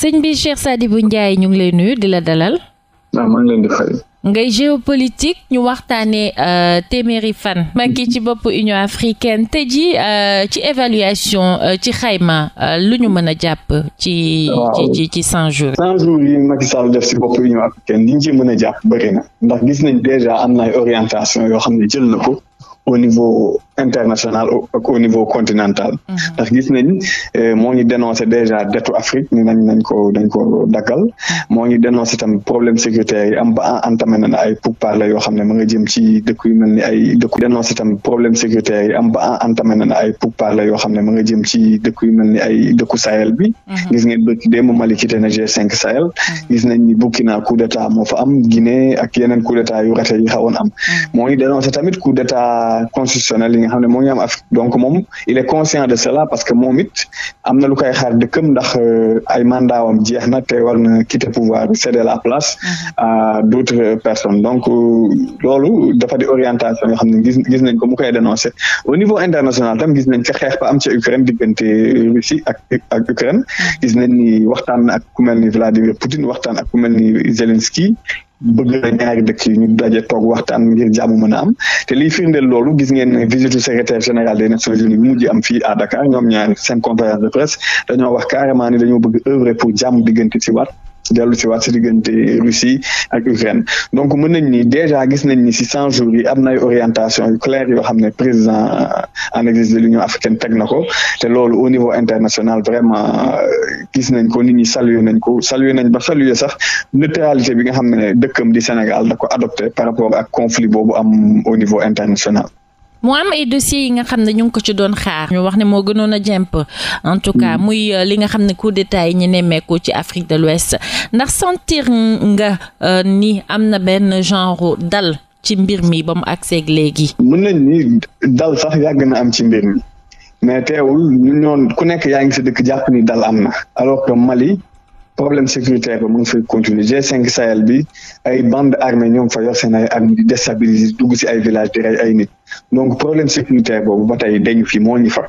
sëñ bi Cheikh Sadibou Ndiaye ñu ngi lay nuyu di la dalal. waaw maa ngi leen di fay. ngay géopolitique ñu waxtaanee euh, téeméeri fan. Macky ci bopp Union africaine te ji euh, ci évaluation euh, ci xayma lu ñu mën a jàpp. ci ci ci cent jours. cent jours yi Macky Sall def si bopp Union africaine li ñu ci mën a jàpp bëri na ndax gis nañ déjà am na orientation yoo xam ne jël na ko au niveau international ak au niveau continental. Mhm. ndax gis nañ euh, moo ñu dénoncé déjà dettu Afrique ni nañ nañ ko dañ ko daggal mhm. problème sécuritaire yi am ba entamé na ay yoo xam ne ma nga jëm ci dëkk yu mel ni ay dëkk dénoncé tam problème sécuritaire yi am ba entamé yoo xam ne ma nga jëm ci dëkk yu mel ni ay dëkku Sahel bi. Mhm. gis ne bëgg démb Mali quitté na G5 Sahel. gis nañ ni Burkina coup d'état moo fa am Guinée ak yeneen coup d'état yu rate yi am. moo ñu tamit coup d'état constitutionnel nga xam ne moo ngi am Afrique donc moom il est conscient de cela parce que moom it am na lu koy xaar dëkkam euh, ay mandaawam jeex na te war na quitter pouvoir céder la place à d'autres personnes donc euh, loolu dafa di orientation yoo xam ne gis gis nañ ko mu koy dénoncer au niveau international tam gis nañ ci xeex ba am ci Ukraine diggante Russie a ak Ukraine gis ni waxtaan ak ku mel ni Vladimir Poutine waxtaan ak ku ni Zelensky bëgg na ñaari dëkk yi ñu daje toog waxtaan ngir jàmm mën a am te liy firndeel loolu gis ngeen ne visite secrétaire général de Nations Unies bi mujj am fii à Dakar ñoom ñaari seen conférence de presse dañoo wax carrément ni dañoo bëgg œuvrer pour jàmm diggante ci waat dellu si waat si diggante Russie ak Ukraine donc mën nañ ni déjà gis nañ ni si cent jours yi am na ay orientation yu claire yoo xam ne président euh, en exercice de l'Union africaine teg na ko te loolu au niveau international vraiment euh, gis nañ ko nit ñi saluer nañ ko saluer nañ ba saluer sax neutralité bi nga xam ne dëkkam di Sénégal da ko adopté par rapport ak conflit boobu am au niveau international mu am ay dossiers yi nga xam ne ñu ngi ko ci doon xaar. ñu wax ne moo gënoon a jemp en tout cas mm. muy euh, li nga xam ne coup d'état yi ñu nemmeeku ci Afrique de l'Ouest ndax sentir nga euh, ni am na benn genre dal ci mbir mi ba mu agseeg léegi. mën nañ ni dal sax yàgg na am ci mbir mi mais teewul ku nekk yaa ngi sa dëkk jàpp ni dal am na alors que Mali. problème sécuritaire bi mu ngi fay continuer G5 Sahel bi ay bande armée ñoom fa yor seen ay armes di déstabiliser dugg si ay village di ay nit donc problème sécuritaire boobu ba tey dañu fi moo ñu fa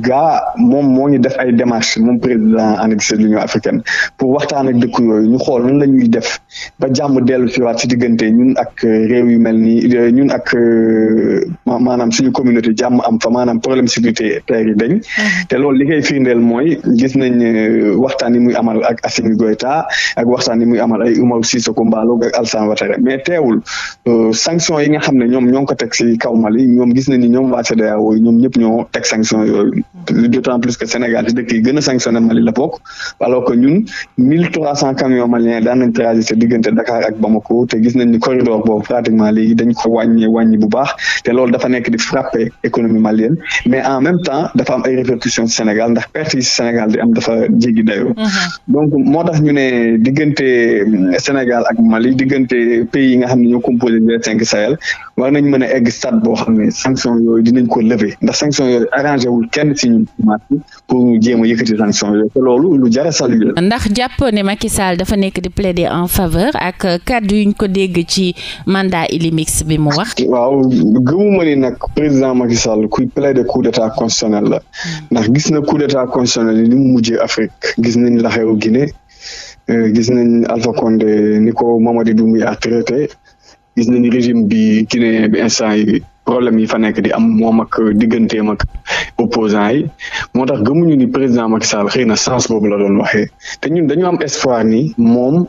gaa moom moo ñu def ay démarches moom président annexé de l'Union africaine pour waxtaan ak dëkk yooyu ñu xool nan la ñuy def ba jàmm dellu si waat si diggante ñun ak euh, réew yu mel ni euh, ñun ak euh, maanaam suñu communauté jàmm am fa maanaam problème sécurité terre yi dañ mm-hmm. te loolu li koy firndeel mooy gis nañ waxtaan yi muy amal ak Assimi Goïta ak waxtaan yi muy amal ay Umaru Sissoco Embaló ak Alassane Ouattara mais teewul sanction yi nga xam ne ñoom ñoo ngi ko teg si kaw Mali ñoom gis nañ ni ñoom waa CEDEAO ñoom ñëpp ñoo teg sanction yooyu d'autant plus que Sénégal ci dëkk yi gën a sanctionné Mali la bokk alors que ñun cent camions maliens daan nañ traversé diggante Dakar ak Bamako te gis nañ ni corridor boobu pratiquement léegi dañ ko wàññi wàññi bu baax te loolu dafa nekk di frappé économie malienne mais en même temps dafa am ay répercussions ci Sénégal ndax perte yi Sénégal di am dafa jéggi dayoo mm-hmm. donc moo tax ñu ne diggante Sénégal ak Mali diggante pays yi nga xam ne ñoo composé G5 Sahel waa nañ mën a egg stade boo xam ne sanction yooyu dinañ ko lever ndax sanction yooyu arrangé wul kenn si ñun pour ñu jéem a yëkkati sanction yooyu te loolu lu jar a saluer ndax jàpp ne Macky Sall dafa nekk di plaider en faveur ak kàddu yuñ ko dégg ci mandat Illimix bi mu wax. waaw gëmuma ni nag président Macky Sall kuy plaider coup d'état constitutionnel la hmm. ndax gis na coup d'état constitutionnel ni mu mujjee Afrique gis nañ la xew Guinée euh, gis nañ Alpha Condé ko Mamadi Doumbouya gis nañu régime bi Guinée bi instant yi problème yi fa nekk di am moom ak digganteem ak opposant yi moo tax gëmuñu ni président Macky Sall xëy na sens boobu la doon waxee te ñun dañu am espoir ni moom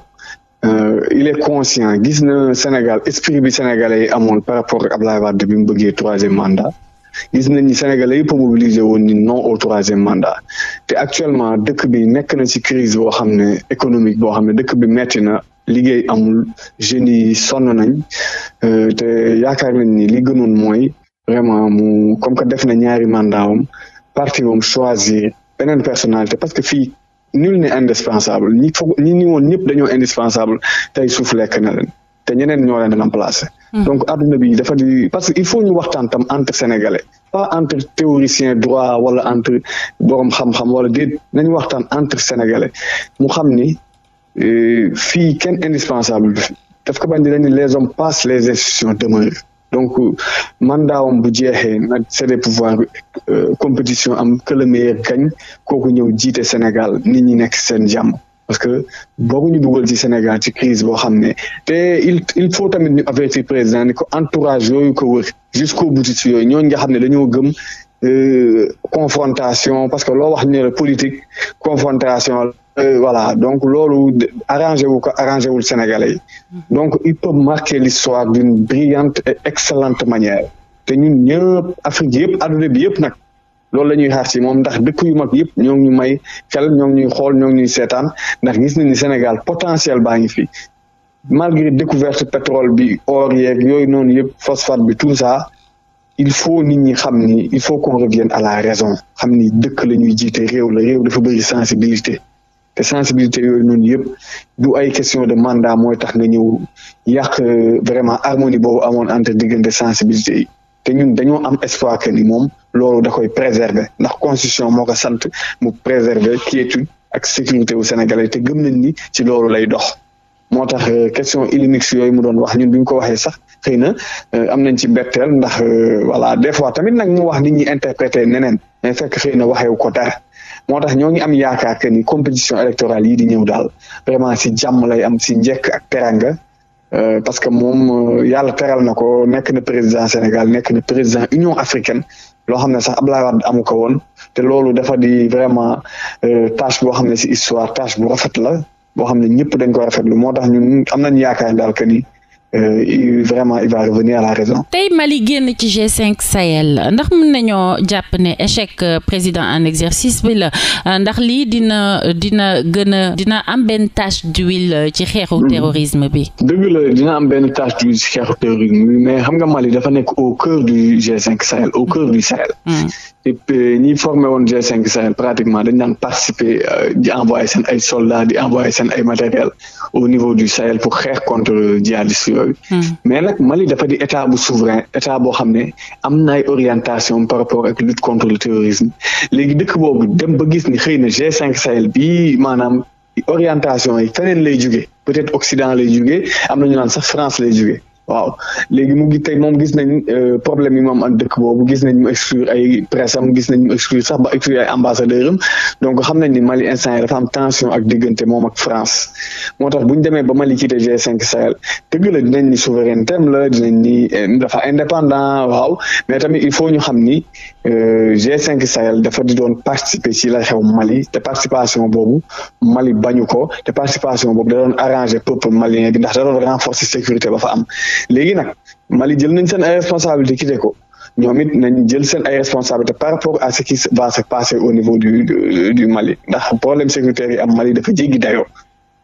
euh, il est conscient gis na Sénégal esprit bi sénégalais yi amoon par rapport ak Abdoulaye Wade bi mu bëggee troisième mandat gis nañ ni sénégalais yëpp a mobilisé woon ni non au troisième mandat te actuellement dëkk bi nekk na ci crise boo xam ne économique boo xam ne dëkk bi metti na liggéey amul jeunes yi sonn nañ euh, te yaakaar nañ ni li gënoon mooy vraiment mu comme que def na ñaari mandaawam parti wam choisir beneen personnalité parce que fii nu ne indispensable ñi foog ñi ni woon ñëpp dañoo indispensable tey suuf lekk na leen te ñeneen ñoo leen di remplacer. Hmm. donc adduna bi dafa di parce que il faut ñu waxtaan tam entre sénégalais pas entre théoricien droit wala entre borom xam-xam wala déet nañu waxtaan entre sénégalais mu xam ni. Euh, fii kenn indispensable daf ko bandi dañu les hommes passent les institutions demeurent donc euh, mandaawam bu jeexee nag c'est des pouvoirs euh, compétition am que le meilleur gagne kooku ñëw jiite Sénégal nit ñi nekk seen jàmm parce que boogu ñu dugal ci Sénégal ci crise boo xam ne te il il faut tamit ñu avertir président ni ko entourage yooyu ko wër jusqu'au boutiste yooyu ñooñu nga xam ne dañoo gëm confrontation parce que loo wax ñu ne la politique confrontation Euh, voilà donc loolu arrangé wu ko arrangé wul Sénégalais mm-hmm. donc il peut marquer l'histoire d'une brillante et excellente manière te ñun ñëpp Afrique yëpp adduna bi yëpp nag loolu la ñuy xaar ci moom ndax dëkk yu mag yëpp ñoo ñu may xel ñoo ñuy xool ñoo ngi ñuy seetaan ndax gis nañ ni Sénégal potentiel baa ngi fi malgré découverte pétrole bi or yeeg yooyu noonu yëpp phosphate bi tout ça il faut nit ñi xam ni il faut qu'on revienne à la raison xam ni dëkk la ñuy jiite réew la dafa bëri sensibilité te sensibilité yooyu noonu yëpp du ay question de mandat mooy tax nga ñëw yàq euh, vraiment harmonie boobu amoon entre diggante sensibilité yi te ñun dañoo am espoir que ni moom loolu da koy préserver ndax constitution moo ko sant mu préserver quiétude ak sécurité wu sénégalais te gëm nañ ni ci loolu lay dox moo tax euh, question Illimix yooyu mu doon wax ñun bi ñu ko waxee sax xëy na euh, am nañ ci mbetteel ndax voilà des fois tamit nag mu wax nit ñi interprété neneen mais fekk xëy na ko dara moo tax ñoo ngi am yaakaar que ni compétition électorale yi di ñëw daal vraiment si jàmm lay am si njëkk ak teranga euh, parce que moom euh, yàlla teral na ko nekk na président Sénégal nekk na président Union africaine loo xam ne sax Abdoulaye Wade amu ko woon te loolu dafa di vraiment euh, tâche boo xam ne si histoire tâche bu rafet la boo xam ne ñëpp dañ ko rafetlu moo tax ñun am nañ yaakaar daal que ni euh, vraiment il va revenir à la raison. tey Mali génn ci G5 Sahel ndax mën nañoo jàpp ne échec euh, président en exercice bi la euh, ndax lii dina dina gën a dina am benn tache d'huile euh, ci xeexu mm. terrorisme bi. dëgg la dina am benn tache d'huile ci xeexu terrorisme bi mais xam nga Mali dafa nekk au cœur du G5 Sahel au cœur du Sahel. Mm. et ñi formé woon G5 Sahel pratiquement dañ naan participer di envoyer seen ay soldats di envoyer seen ay matériel au niveau du Sahel pour xeex yooyu. Hmm. mais nag Mali dafa di état bu souverain état boo xam ne am na ay orientation par rapport a lutte contre le terrorisme léegi dëkk boobu dem ba gis ni xëy na G5 Sahel bii maanaam orientation yi feneen lay jóge peut-être Occident lay jóge am na naan sax France lay jóge waaw léegi mu ngi tey moom gis nañ euh, problème yi moom am ak dëkk boobu gis nañ mu a ay presse am gis nañ mu exclure sax ba exclure ay ambassadeur am donc xam nañ ni Mali instant yi dafa am tension ak diggante moom ak France moo tax bu ñu demee ba Mali quitté G5 Sahel dëgg la dinañ ni souveraineté am la dinañ ni euh, dafa indépendant waaw mais tamit il faut ñu xam ni euh, G5 Sahel dafa di doon participer ci la xew Mali te participation boobu Mali bañu ko te participation boobu da doon arranger peuple malien bi ndax da doon sécurité ba am léegi nag Mali jël nañ seen ay responsabilité quitté ko ñoom it nañ jël seen ay responsabilité par rapport à ce qui va se passer au niveau du du Mali ndax problème sécuritaire yi am Mali dafa jéggi dayoo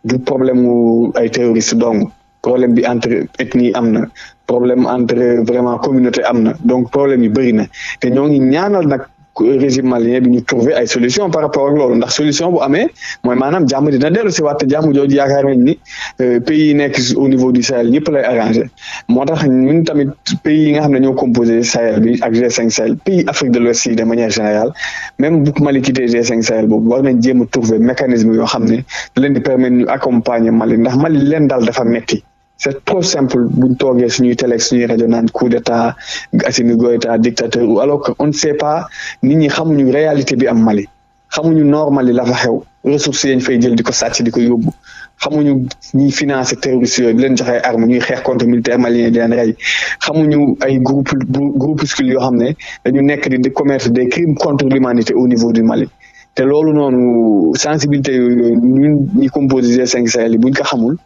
du problème mu ay terroriste donc problème bi entre ethnie am na problème entre vraiment communauté am na donc problème yi bëri na te ñoo ngi ñaanal nag régime malien bi ñu trouver ay solution par rapport ak loolu ndax solution bu amee mooy maanaam jàmm dina dellu si waat jàmm jooju yaakaar nañ ni euh, pays yi nekk au niveau du Sahel ñëpp lay arrangé moo tax ñun tamit pays yi nga xam ne ñoo composé Sahel bi ak G5 Sahel pays Afrique de l'Ouest yi de manière générale même bu Mali quitté G5 Sahel boobu war a trouver mécanisme yoo xam ne leen di permettre ñu accompagner Mali ndax Mali leen daal dafa metti c'est trop simple buñ toogee suñuy télé suñuy rajo naan coup d'état Assimi Goïta dictateur ou alors que on ne sait pas nit ñi xamuñu réalité bi am Mali xamuñu normal li la fa xew ressources yañ fay jël di ko sàcc di ko yóbbu xamuñu ñuy financé terroristes yooyu di leen joxe arme ñuy xeex contre militaire malien di leen rey xamuñu ay groupe groupuscule yoo xam ne dañu nekk di commettre des crimes contre l'humanité au niveau du Mali te loolu noonu sensibilité yooyu ñun ñi composé G5 Sahel yi ko xamul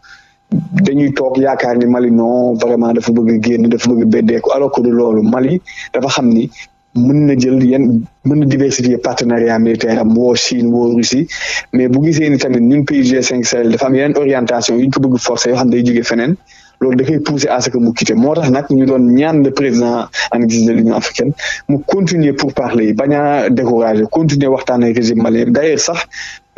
dañuy toog yaakaar ni Mali non vraiment dafa bëgg génn dafa bëgg beddeeku alors que du loolu Mali dafa xam ni mën na jël yenn mën na diversifier partenariat militaire am woo Chine woo Russie mais bu gisee ni tamit ñun pays g cinq Sahel dafa am yeneen orientation yu ñu ko bëgg forcer yoo xam ne day jógee feneen loolu da koy pousser à ce que mu quitté moo tax nag ñu doon ñaan le président en exercice de l'Union africaine mu continuer pour parler yi bañ a décourager continuer waxtaan ak régime malien d'ailleurs sax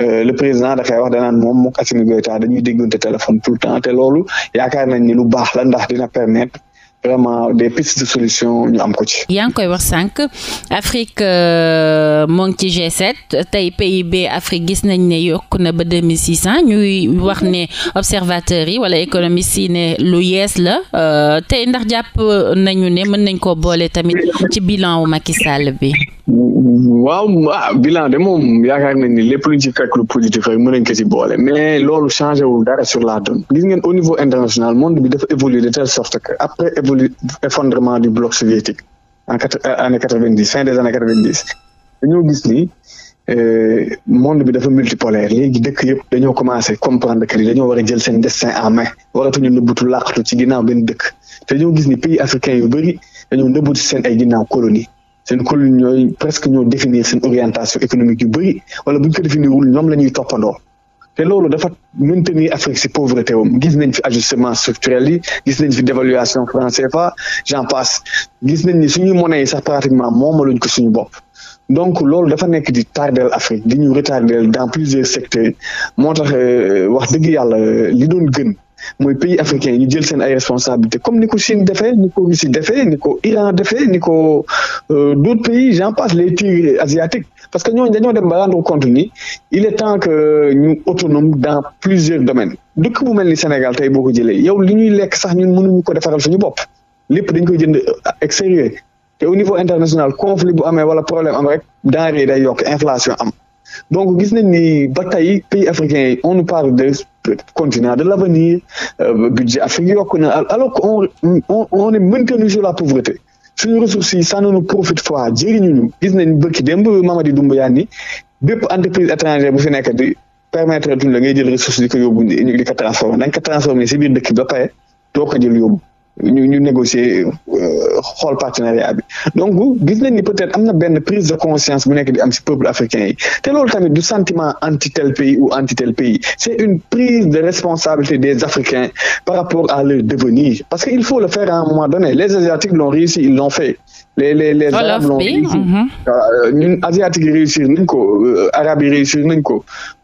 Euh, le président dafay wax danaan moom mook Assimi Goïta dañuy déggante téléphone tout le temps te loolu yaakaar nañ ni lu baax la ndax dina permettre vraiment des pistes de solution ñu am ko ci. yaa ngi koy wax sànq Afrique euh, mu ngi ci G7 tey PIB Afrique gis nañ ne yokk na ba deux mille cent ñuy wax ne observateurs yi wala économistes yi ne lu yees la euh, tey ndax jàpp nañu ne mën nañ ko boole tamit ci bilan wu Macky Sall bi. waaw ah bilan de moom yaakaar nañ ni lépp luñ ci calcul positif rek ko ci boole mais loolu changé wul dara sur la donne gis ngeen au niveau international monde bi dafa évoluer de telle sorte que après évolu effondrement du bloc soviétique en quatre euh, années quatre vingt dix fin des années quatre vingt dix dañoo gis ni euh, monde bi dafa multipolaire léegi dëkk yëpp dañoo commencé comprendre que ni dañoo war a jël seen destin en main waratuñu nëbbutu làqatu ci ginnaaw benn dëkk te ñoo gis ni pays africains yu bëri dañoo nëbbutu seen ay ginnaaw colonie seen colonie ñooy presque ñoo définir seen orientation économique yu bëri wala bu ñu ko définirul ñoom la ñuy toppandoo te loolu dafa maintenir Afrique ci pauvreté wam gis nañ fi ajustement structurel yi gis nañ fi dévaluation franc CFA j'en passe gis nañ ni suñuy monnaie yi sax pratiquement moomaluñ ko suñu bopp donc loolu dafa nekk di tardel Afrique di ñu retardel dans plusieurs secteurs moo tax euh, wax dëgg yàlla euh, li doon gën mooy pays africain ñu jël seen ay responsabilité comme ni ko Chine defee ni ko Russie defee ni ko Iran defee ni ko Euh, d'autres pays j'en passe les pays asiatiques parce que ñooñu dañoo dem ba rendre compte ni il est temps que ñu autonome dans plusieurs domaines dëkk bu mel ni Sénégal tey boo ko jëlee yow li ñuy lekk sax ñun munuñu ko defaral suñu bopp lépp dañ koy jënd euh, extérieur te au niveau international conflit bu amee wala problème am rek denrée day yokk inflation am donc gis nañ ni ba tey pays africains yi on nous parle de continent de l'avenir euh, budget Afrique yokk na alors que on on on est maintenu sur la suñu ressources yi ça ne nous profite pas jëriñuñu gis nañ bëkki démb Mamadi Doumbouya ni bépp entreprise étrangère bu fi nekk di permettre tuñ la ngay jël ressource di ko yóbbu di ko transformer da nga si biir ba pare doo jël yóbbu ñu ñu négocier euh, xool partenariat bi donc gis nañ ni peut-être am na benn prise de conscience bu nekk di am ci peuple africain yi te loolu tamit du sentiment anti tel pays ou anti tel pays c'est une prise de responsabilité des Africains par rapport à leur devenir parce que il faut le faire à un moment donné les Asiatiques l'ont réussi ils l'ont fait les les les arabes l'ont ah, euh, asiatique réussir nañ ko euh, arabes yi réussir nañ ko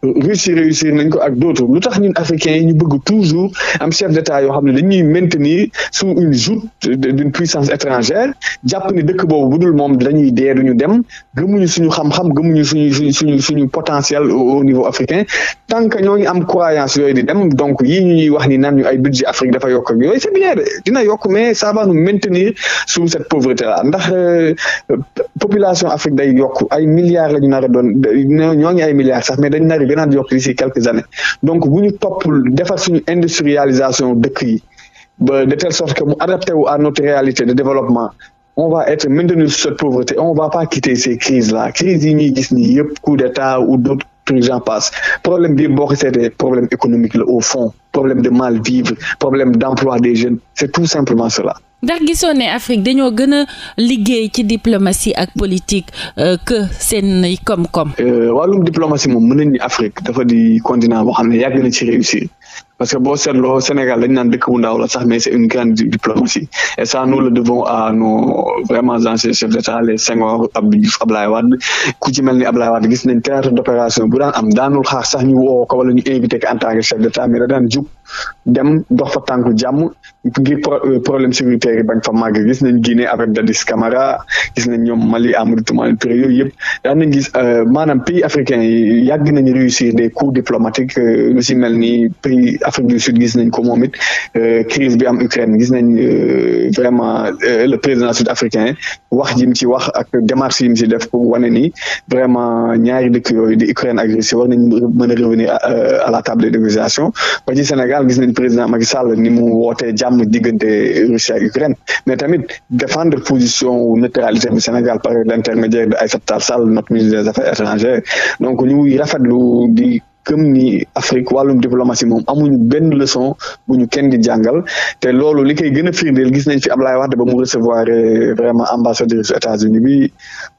russe yi réussir nañ ko ak d'autres lu tax ñun africains yi ñu bëgg toujours am chef d'état yoo xam ne dañuy maintenir sous une joute d'une puissance étrangère jàpp ni dëkk boobu bu dul moom dañuy dee duñu dem gëmuñu suñu xam-xam gamuñu suñu suñu suñu suñu potentiel au niveau africain tant que ñooñu am croyance yooyu di dem donc yii ñuy wax ni naan ñu ay budget Afrique dafa yokk ak yooyu c'est bien dina yokk mais ça va ndax euh, population Afrique day yokk ay milliards lañu ñu a doon ñoo ngi ay milliards sax mais dañ nar a gën a yokk d'ici quelques années donc bu ñu topp defar suñu industrialisation dëkk yi ba de telle sorte que mu adapté wu à notre réalité de développement on va être maintenu sur cette pauvreté on va pas quitter ces crises là crises yi ñuy gis nii yëpp coup d'état ou fortune j'en passe problème bi boo ko seetee problème économique la au fond problème de mal vivre problème d'emploi des jeunes c'est tout simplement cela ndax gisoo ne Afrique dañoo gën a liggéey ci diplomatie ak politique euh, que seen koom-koom. Euh, wàllum diplomatie moom mën nañu Afrique dafa di continent boo xam ne yàgg na ci réussir parce que boo seetloo Sénégal dañ naan dëkk bu ndaw la sax mais une grande diplomatie et ça nous le devons à nos vraiment anciens chefs d'État les Senghor Abdou Diouf Ablaye Wade ku ci mel ni Ablaye Wade gis nañ théâtre d'opération bu daan am daanul xaar sax ñu woo ko wala daan jub dem dox fa tànku jàmm ngir euh, problème sécuritaire yi bañ fa màgg gis nañ Guinée avec Dadis Camara gis nañ ñoom Mali Amadou Toumani Touré yooyu yëpp daan nañ gis euh, maanaam pays africains yi yàgg réussir des coups diplomatiques euh, lu si mel pays Afrique du Sud gis nañ ko moom it euh, crise bi am Ukraine gis nañ euh, vraiment euh, le président sud-africain wax jim ci wax ak démarche yim ci def pour wane ni vraiment ñaari dëkk yooyu di Ukraine ak Russie war nañ mën a revenir à la table de négociation ba ci Sénégal gis nañ président Macky Sall ni mu wootee jàmm diggante Russie ak Ukraine mais tamit défendre position neutralité bi Sénégal par l'intermédiaire de Aïssata Tall Sall notre ministre des affaires étrangères donc ñuy rafetlu di gëm ni Afrique wàllum diplomatie moom amuñu benn leçon bu ñu kenn di jàngal te loolu li koy gën a firndeel gis nañ fi Ablaye Wade ba mu recevoir euh, vraiment ambassadeur États-Unis bi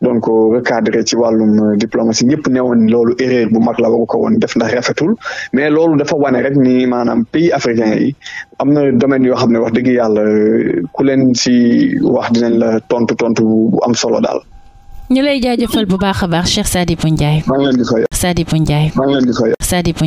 donc recadré ci wàllum euh, diplomatie ñëpp ne loolu erreur bu mag la waru ko woon def ndax rafetul mais loolu dafa wane rek ni maanaam pays africain yi am na domaine yoo xam ne wax dëgg yàlla euh, ku leen si wax dinañ la tontu tontu bu am solo daal. ñu lay jaajëfal bu baax a baax Cheikh Sadibou Ndiaye. Sadibou Ndiaye. Sadibou Ndiaye.